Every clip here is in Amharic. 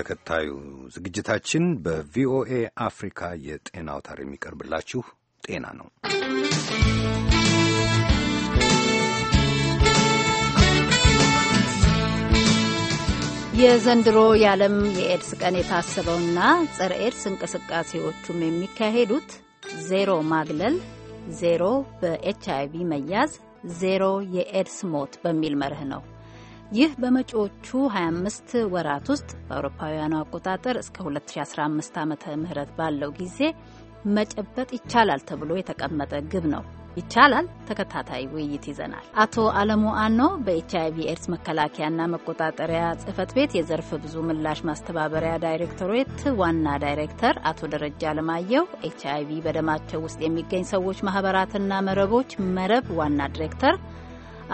ተከታዩ ዝግጅታችን በቪኦኤ አፍሪካ የጤና አውታር የሚቀርብላችሁ ጤና ነው። የዘንድሮ የዓለም የኤድስ ቀን የታሰበውና ጸረ ኤድስ እንቅስቃሴዎቹም የሚካሄዱት ዜሮ ማግለል፣ ዜሮ በኤች አይቪ መያዝ፣ ዜሮ የኤድስ ሞት በሚል መርህ ነው። ይህ በመጪዎቹ 25 ወራት ውስጥ በአውሮፓውያኑ አቆጣጠር እስከ 2015 ዓ ምህረት ባለው ጊዜ መጨበጥ ይቻላል ተብሎ የተቀመጠ ግብ ነው። ይቻላል ተከታታይ ውይይት ይዘናል። አቶ አለሙ አኖ በኤች አይቪ ኤድስ መከላከያና መቆጣጠሪያ ጽህፈት ቤት የዘርፈ ብዙ ምላሽ ማስተባበሪያ ዳይሬክቶሬት ዋና ዳይሬክተር፣ አቶ ደረጃ አለማየሁ ኤች በደማቸው ውስጥ የሚገኝ ሰዎች ማህበራትና መረቦች መረብ ዋና ዲሬክተር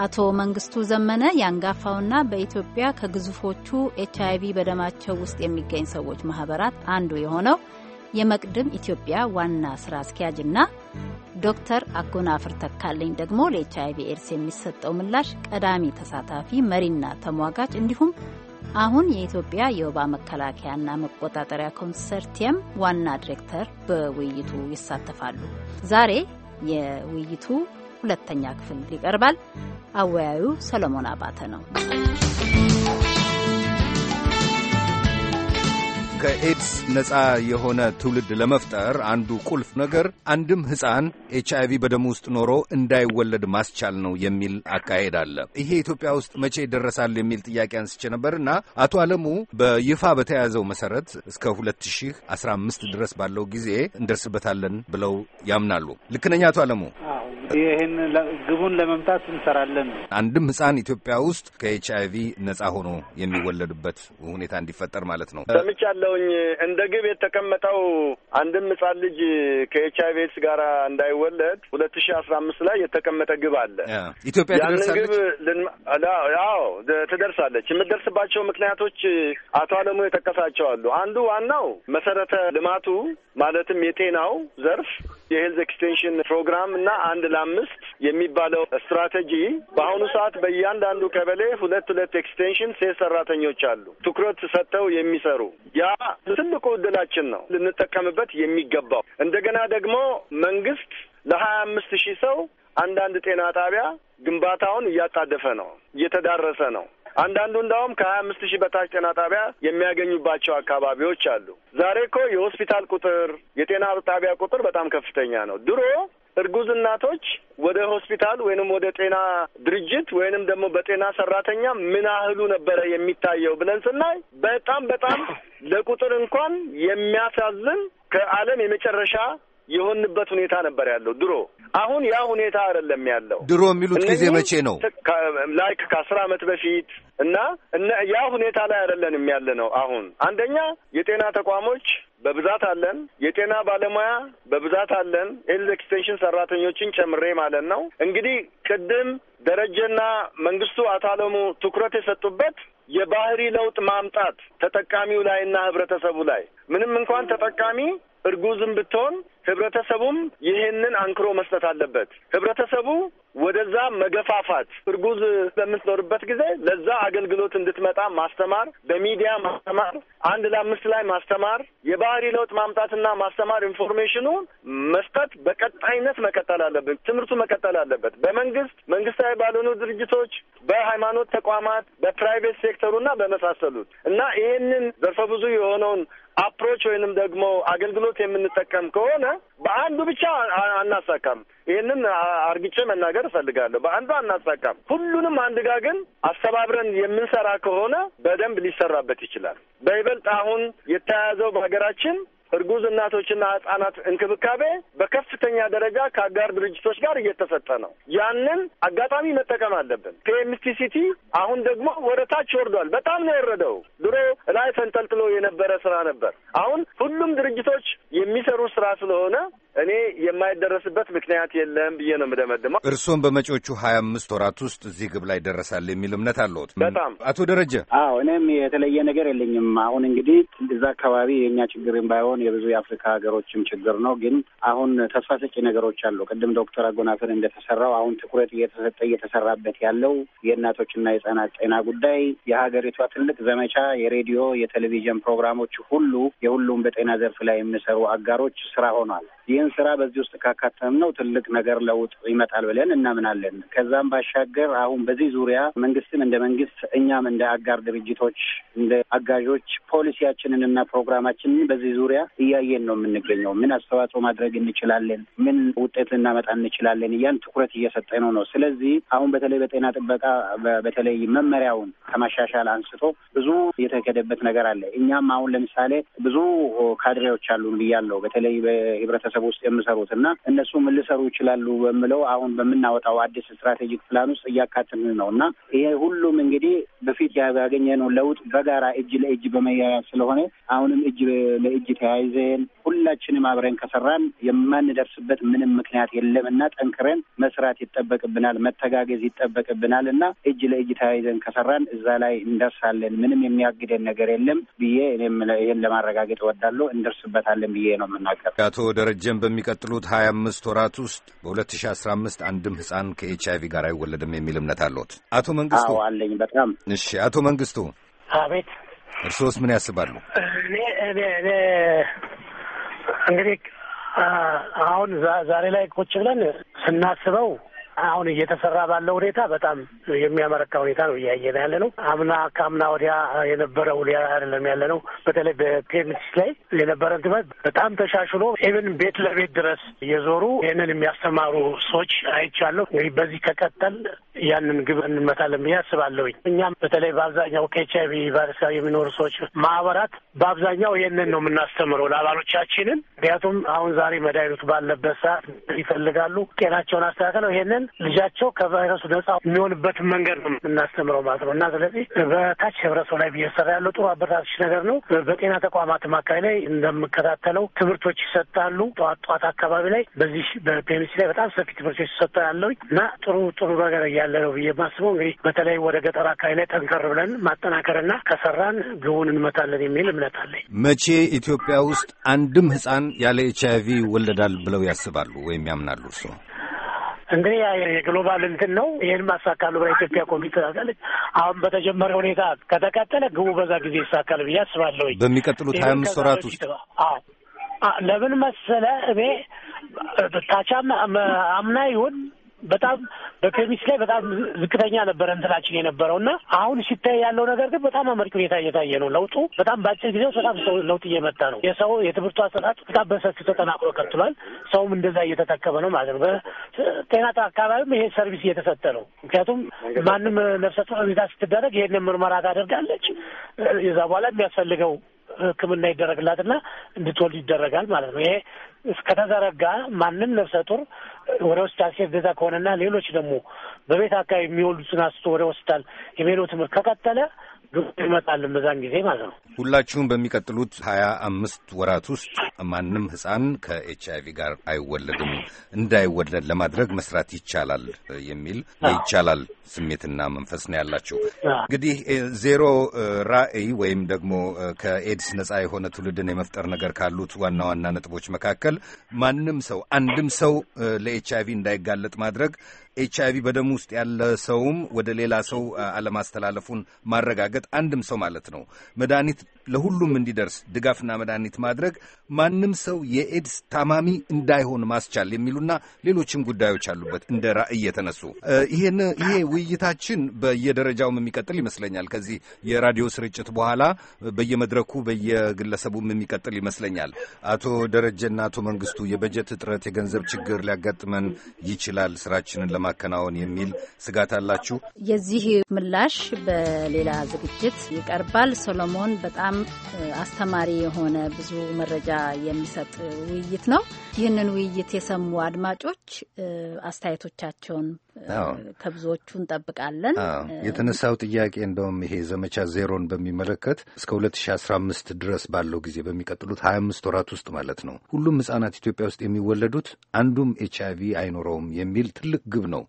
አቶ መንግስቱ ዘመነ የአንጋፋውና በኢትዮጵያ ከግዙፎቹ ኤች አይቪ በደማቸው ውስጥ የሚገኝ ሰዎች ማህበራት አንዱ የሆነው የመቅድም ኢትዮጵያ ዋና ስራ አስኪያጅና ዶክተር አጎናፍር ተካልኝ ደግሞ ለኤች አይቪ ኤድስ የሚሰጠው ምላሽ ቀዳሚ ተሳታፊ መሪና ተሟጋች እንዲሁም አሁን የኢትዮጵያ የወባ መከላከያና መቆጣጠሪያ ኮንሰርቲየም ዋና ዲሬክተር በውይይቱ ይሳተፋሉ። ዛሬ የውይይቱ ሁለተኛ ክፍል ይቀርባል። አወያዩ ሰለሞን አባተ ነው። ከኤድስ ነፃ የሆነ ትውልድ ለመፍጠር አንዱ ቁልፍ ነገር አንድም ሕፃን ኤች አይቪ በደም ውስጥ ኖሮ እንዳይወለድ ማስቻል ነው የሚል አካሄድ አለ። ይሄ ኢትዮጵያ ውስጥ መቼ ይደረሳል የሚል ጥያቄ አንስቼ ነበር እና አቶ አለሙ በይፋ በተያያዘው መሰረት እስከ 2015 ድረስ ባለው ጊዜ እንደርስበታለን ብለው ያምናሉ። ልክ ነኝ አቶ አለሙ? ይህን ግቡን ለመምታት እንሰራለን። አንድም ህጻን ኢትዮጵያ ውስጥ ከኤች አይ ቪ ነጻ ሆኖ የሚወለድበት ሁኔታ እንዲፈጠር ማለት ነው። ሰምቻለሁኝ። እንደ ግብ የተቀመጠው አንድም ህጻን ልጅ ከኤች አይቪ ኤድስ ጋር እንዳይወለድ ሁለት ሺ አስራ አምስት ላይ የተቀመጠ ግብ አለ። ኢትዮጵያ ትደርሳለች፣ ትደርሳለች። የምትደርስባቸው ምክንያቶች አቶ አለሙ የጠቀሳቸው አሉ። አንዱ ዋናው መሰረተ ልማቱ ማለትም የጤናው ዘርፍ የሄልዝ ኤክስቴንሽን ፕሮግራም እና አንድ ለአምስት የሚባለው ስትራቴጂ በአሁኑ ሰዓት በእያንዳንዱ ቀበሌ ሁለት ሁለት ኤክስቴንሽን ሴት ሰራተኞች አሉ፣ ትኩረት ሰጥተው የሚሰሩ ያ ትልቁ እድላችን ነው ልንጠቀምበት የሚገባው። እንደገና ደግሞ መንግስት ለሀያ አምስት ሺህ ሰው አንዳንድ ጤና ጣቢያ ግንባታውን እያጣደፈ ነው፣ እየተዳረሰ ነው። አንዳንዱ እንዳውም ከሀያ አምስት ሺህ በታች ጤና ጣቢያ የሚያገኙባቸው አካባቢዎች አሉ። ዛሬ እኮ የሆስፒታል ቁጥር የጤና ጣቢያ ቁጥር በጣም ከፍተኛ ነው። ድሮ እርጉዝ እናቶች ወደ ሆስፒታል ወይንም ወደ ጤና ድርጅት ወይንም ደግሞ በጤና ሰራተኛ ምን ያህሉ ነበረ የሚታየው ብለን ስናይ በጣም በጣም ለቁጥር እንኳን የሚያሳዝን ከዓለም የመጨረሻ የሆንበት ሁኔታ ነበር ያለው ድሮ። አሁን ያ ሁኔታ አይደለም ያለው። ድሮ የሚሉት ጊዜ መቼ ነው? ላይክ ከአስር አመት በፊት እና እና ያ ሁኔታ ላይ አይደለንም ያለ ነው አሁን። አንደኛ የጤና ተቋሞች በብዛት አለን። የጤና ባለሙያ በብዛት አለን። ኤልዝ ኤክስቴንሽን ሰራተኞችን ጨምሬ ማለት ነው። እንግዲህ ቅድም ደረጀና መንግስቱ አታለሙ ትኩረት የሰጡበት የባህሪ ለውጥ ማምጣት ተጠቃሚው ላይ እና ህብረተሰቡ ላይ ምንም እንኳን ተጠቃሚ እርጉዝም ብትሆን ህብረተሰቡም ይህንን አንክሮ መስጠት አለበት። ህብረተሰቡ ወደዛ መገፋፋት እርጉዝ በምትኖርበት ጊዜ ለዛ አገልግሎት እንድትመጣ ማስተማር፣ በሚዲያ ማስተማር፣ አንድ ለአምስት ላይ ማስተማር፣ የባህሪ ለውጥ ማምጣትና ማስተማር፣ ኢንፎርሜሽኑ መስጠት በቀጣይነት መቀጠል አለብን። ትምህርቱ መቀጠል አለበት። በመንግስት መንግስታዊ ባልሆኑ ድርጅቶች፣ በሃይማኖት ተቋማት፣ በፕራይቬት ሴክተሩና በመሳሰሉት እና ይህንን ዘርፈ ብዙ የሆነውን አፕሮች ወይንም ደግሞ አገልግሎት የምንጠቀም ከሆነ በአንዱ ብቻ አናሳካም። ይህንን አርግጭ መናገር እፈልጋለሁ። በአንዱ አናሳካም። ሁሉንም አንድ ጋር ግን አስተባብረን የምንሰራ ከሆነ በደንብ ሊሰራበት ይችላል። በይበልጥ አሁን የተያያዘው በሀገራችን እርጉዝ እናቶችና ህጻናት እንክብካቤ በከፍተኛ ደረጃ ከአጋር ድርጅቶች ጋር እየተሰጠ ነው። ያንን አጋጣሚ መጠቀም አለብን። ፒኤምቲሲቲ አሁን ደግሞ ወደ ታች ወርዷል። በጣም ነው የወረደው። ድሮ ላይ ተንጠልጥሎ የነበረ ስራ ነበር። አሁን ሁሉም ድርጅቶች የሚሰሩ ስራ ስለሆነ እኔ የማይደረስበት ምክንያት የለም ብዬ ነው የምደመድመው። እርስዎም በመጪዎቹ ሀያ አምስት ወራት ውስጥ እዚህ ግብ ላይ ይደረሳል የሚል እምነት አለዎት? በጣም አቶ ደረጀ። አዎ እኔም የተለየ ነገር የለኝም። አሁን እንግዲህ እዛ አካባቢ የእኛ ችግርም ባይሆን የብዙ የአፍሪካ ሀገሮችም ችግር ነው። ግን አሁን ተስፋ ሰጪ ነገሮች አሉ። ቅድም ዶክተር አጎናፍር እንደተሰራው አሁን ትኩረት እየተሰጠ እየተሰራበት ያለው የእናቶችና የህጻናት ጤና ጉዳይ የሀገሪቷ ትልቅ ዘመቻ የሬዲዮ የቴሌቪዥን ፕሮግራሞች ሁሉ የሁሉም በጤና ዘርፍ ላይ የሚሰሩ አጋሮች ስራ ሆኗል። ይህን ይህንን ስራ በዚህ ውስጥ ካካተም ነው ትልቅ ነገር ለውጥ ይመጣል ብለን እናምናለን። ከዛም ባሻገር አሁን በዚህ ዙሪያ መንግስትም እንደ መንግስት እኛም እንደ አጋር ድርጅቶች እንደ አጋዦች ፖሊሲያችንን እና ፕሮግራማችንን በዚህ ዙሪያ እያየን ነው የምንገኘው። ምን አስተዋጽኦ ማድረግ እንችላለን፣ ምን ውጤት ልናመጣ እንችላለን እያን ትኩረት እየሰጠ ነው ነው። ስለዚህ አሁን በተለይ በጤና ጥበቃ በተለይ መመሪያውን ከማሻሻል አንስቶ ብዙ የተሄደበት ነገር አለ። እኛም አሁን ለምሳሌ ብዙ ካድሬዎች አሉን ብያለሁ። በተለይ በህብረተሰቡ ውስጥ የምሰሩት እና እነሱ ምን ሊሰሩ ይችላሉ በምለው አሁን በምናወጣው አዲስ ስትራቴጂክ ፕላን ውስጥ እያካትን ነው እና ይሄ ሁሉም እንግዲህ በፊት ያገኘነው ለውጥ በጋራ እጅ ለእጅ በመያያዝ ስለሆነ አሁንም እጅ ለእጅ ተያይዘን ሁላችንም አብረን ከሰራን የማንደርስበት ምንም ምክንያት የለም እና ጠንክረን መስራት ይጠበቅብናል፣ መተጋገዝ ይጠበቅብናል እና እጅ ለእጅ ተያይዘን ከሰራን እዛ ላይ እንደርሳለን። ምንም የሚያግደን ነገር የለም ብዬ ይህን ለማረጋገጥ እወዳለሁ። እንደርስበታለን ብዬ ነው የምናገር። አቶ ደረጀ ዓለም በሚቀጥሉት 25 ወራት ውስጥ በ2015 አንድም ህፃን ከኤች አይቪ ጋር አይወለድም የሚል እምነት አለዎት? አቶ መንግስቱ አለኝ። በጣም እሺ። አቶ መንግስቱ አቤት። እርሶስ ምን ያስባሉ? እንግዲህ አሁን ዛሬ ላይ ቁጭ ብለን ስናስበው አሁን እየተሰራ ባለው ሁኔታ በጣም የሚያመረካ ሁኔታ ነው እያየን ያለ ነው። አምና ከአምና ወዲያ የነበረው ሌላ አይደለም ያለ ነው። በተለይ በኬሚስ ላይ የነበረን ትምህርት በጣም ተሻሽሎ ኢቨን ቤት ለቤት ድረስ እየዞሩ ይህንን የሚያስተማሩ ሰዎች አይቻለሁ። እንግዲህ በዚህ ከቀጠል ያንን ግብ እንመታለን ብዬ አስባለሁኝ። እኛም በተለይ በአብዛኛው ከኤች አይቪ ቫይረስ ጋር የሚኖሩ ሰዎች ማህበራት በአብዛኛው ይህንን ነው የምናስተምረው ለአባሎቻችንን። ምክንያቱም አሁን ዛሬ መድኃኒቱ ባለበት ሰዓት ይፈልጋሉ ጤናቸውን አስተካክለው ይህንን ልጃቸው ከቫይረሱ ነጻ የሚሆንበትን መንገድ ነው የምናስተምረው ማለት ነው እና ስለዚህ በታች ህብረተሰቡ ላይ እየሰራ ያለው ጥሩ አበረታች ነገር ነው። በጤና ተቋማትም አካባቢ ላይ እንደምከታተለው ትምህርቶች ይሰጣሉ። ጠዋት ጠዋት አካባቢ ላይ በዚህ በፔኒሲ ላይ በጣም ሰፊ ትምህርቶች ይሰጠው ያለው እና ጥሩ ጥሩ ነገር እያለ ነው ብዬ የማስበው እንግዲህ በተለይ ወደ ገጠር አካባቢ ላይ ጠንከር ብለን ማጠናከርና ከሰራን ግቡን እንመታለን የሚል እምነት አለኝ። መቼ ኢትዮጵያ ውስጥ አንድም ህፃን ያለ ኤች አይቪ ይወለዳል ብለው ያስባሉ ወይም ያምናሉ እርስዎ? እንግዲህ የግሎባል እንትን ነው። ይህን ማሳካሉ ኢትዮጵያ ኮሚቴ ታለች። አሁን በተጀመረ ሁኔታ ከተቀጠለ ግቡ በዛ ጊዜ ይሳካል ብዬ አስባለሁ። በሚቀጥሉት ሀያ አምስት ወራት ውስጥ ለምን መሰለ እኔ ታቻ አምና ይሁን በጣም በፔሚስ ላይ በጣም ዝቅተኛ ነበረ እንትናችን የነበረው እና አሁን ሲታይ ያለው ነገር ግን በጣም አመርቂ ሁኔታ እየታየ ነው። ለውጡ በጣም በአጭር ጊዜ በጣም ሰው ለውጥ እየመጣ ነው። የሰው የትምህርቱ አሰጣጥ በጣም በሰፊ ተጠናክሮ ቀጥሏል። ሰውም እንደዛ እየተጠቀመ ነው ማለት ነው። በጤና አካባቢም ይሄ ሰርቪስ እየተሰጠ ነው። ምክንያቱም ማንም ነፍሰ ጡር ሁኔታ ስትደረግ ይሄንን ምርመራ ታደርጋለች። የዛ በኋላ የሚያስፈልገው ሕክምና ይደረግላትና እንድትወልድ ይደረጋል ማለት ነው። ይሄ እስከተዘረጋ ማንም ነፍሰ ጡር ወደ ሆስፒታል ሴፍ ገዛ ከሆነና ሌሎች ደግሞ በቤት አካባቢ የሚወልዱትን አስቶ ወደ ሆስፒታል የሜሎ ትምህርት ከቀጠለ ግብ ይመጣልን በዛን ጊዜ ማለት ነው። ሁላችሁም በሚቀጥሉት ሀያ አምስት ወራት ውስጥ ማንም ህፃን ከኤች አይቪ ጋር አይወለድም እንዳይወለድ ለማድረግ መስራት ይቻላል የሚል ይቻላል ስሜትና መንፈስ ነው ያላቸው። እንግዲህ ዜሮ ራዕይ ወይም ደግሞ ከኤድስ ነጻ የሆነ ትውልድን የመፍጠር ነገር ካሉት ዋና ዋና ነጥቦች መካከል ማንም ሰው አንድም ሰው ለኤች አይቪ እንዳይጋለጥ ማድረግ ኤች አይቪ በደም ውስጥ ያለ ሰውም ወደ ሌላ ሰው አለማስተላለፉን ማረጋገጥ አንድም ሰው ማለት ነው። መድኃኒት ለሁሉም እንዲደርስ ድጋፍና መድኃኒት ማድረግ፣ ማንም ሰው የኤድስ ታማሚ እንዳይሆን ማስቻል የሚሉና ሌሎችም ጉዳዮች አሉበት እንደ ራዕይ የተነሱ። ይሄን ይሄ ውይይታችን በየደረጃውም የሚቀጥል ይመስለኛል። ከዚህ የራዲዮ ስርጭት በኋላ በየመድረኩ በየግለሰቡም የሚቀጥል ይመስለኛል። አቶ ደረጀና አቶ መንግስቱ የበጀት እጥረት፣ የገንዘብ ችግር ሊያጋጥመን ይችላል ስራችንን ለማከናወን የሚል ስጋት አላችሁ? የዚህ ምላሽ በሌላ ዝግጅት ይቀርባል። ሶሎሞን በጣም በጣም አስተማሪ የሆነ ብዙ መረጃ የሚሰጥ ውይይት ነው። ይህንን ውይይት የሰሙ አድማጮች አስተያየቶቻቸውን ከብዙዎቹ እንጠብቃለን። የተነሳው ጥያቄ እንደውም ይሄ ዘመቻ ዜሮን በሚመለከት እስከ 2015 ድረስ ባለው ጊዜ በሚቀጥሉት 25 ወራት ውስጥ ማለት ነው ሁሉም ህጻናት ኢትዮጵያ ውስጥ የሚወለዱት አንዱም ኤች አይቪ አይኖረውም የሚል ትልቅ ግብ ነው።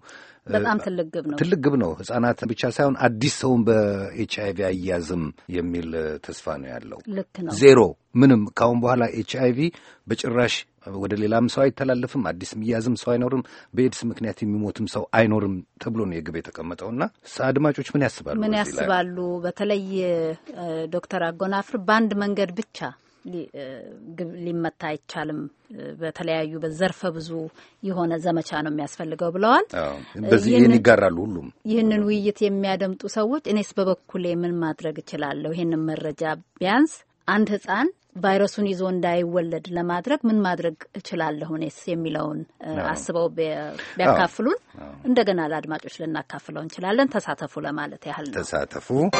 በጣም ትልቅ ግብ ነው። ትልቅ ግብ ነው። ህጻናት ብቻ ሳይሆን አዲስ ሰውን በኤች አይቪ አያዝም የሚል ተስፋ ነው ያለው። ልክ ነው። ዜሮ ምንም ከአሁን በኋላ ኤች አይቪ በጭራሽ ወደ ሌላም ሰው አይተላለፍም፣ አዲስ የሚያዝም ሰው አይኖርም፣ በኤድስ ምክንያት የሚሞትም ሰው አይኖርም ተብሎ ነው የግብ የተቀመጠውና አድማጮች ምን ያስባሉ? ምን ያስባሉ? በተለይ ዶክተር አጎናፍር በአንድ መንገድ ብቻ ሊመታ አይቻልም። በተለያዩ በዘርፈ ብዙ የሆነ ዘመቻ ነው የሚያስፈልገው ብለዋል። በዚህ ይህን ይጋራሉ ሁሉም። ይህንን ውይይት የሚያደምጡ ሰዎች እኔስ በበኩሌ ምን ማድረግ እችላለሁ? ይህንን መረጃ ቢያንስ አንድ ህፃን ቫይረሱን ይዞ እንዳይወለድ ለማድረግ ምን ማድረግ እችላለሁ እኔስ የሚለውን አስበው ቢያካፍሉን እንደገና ለአድማጮች ልናካፍለው እንችላለን። ተሳተፉ ለማለት ያህል ነው። ተሳተፉ።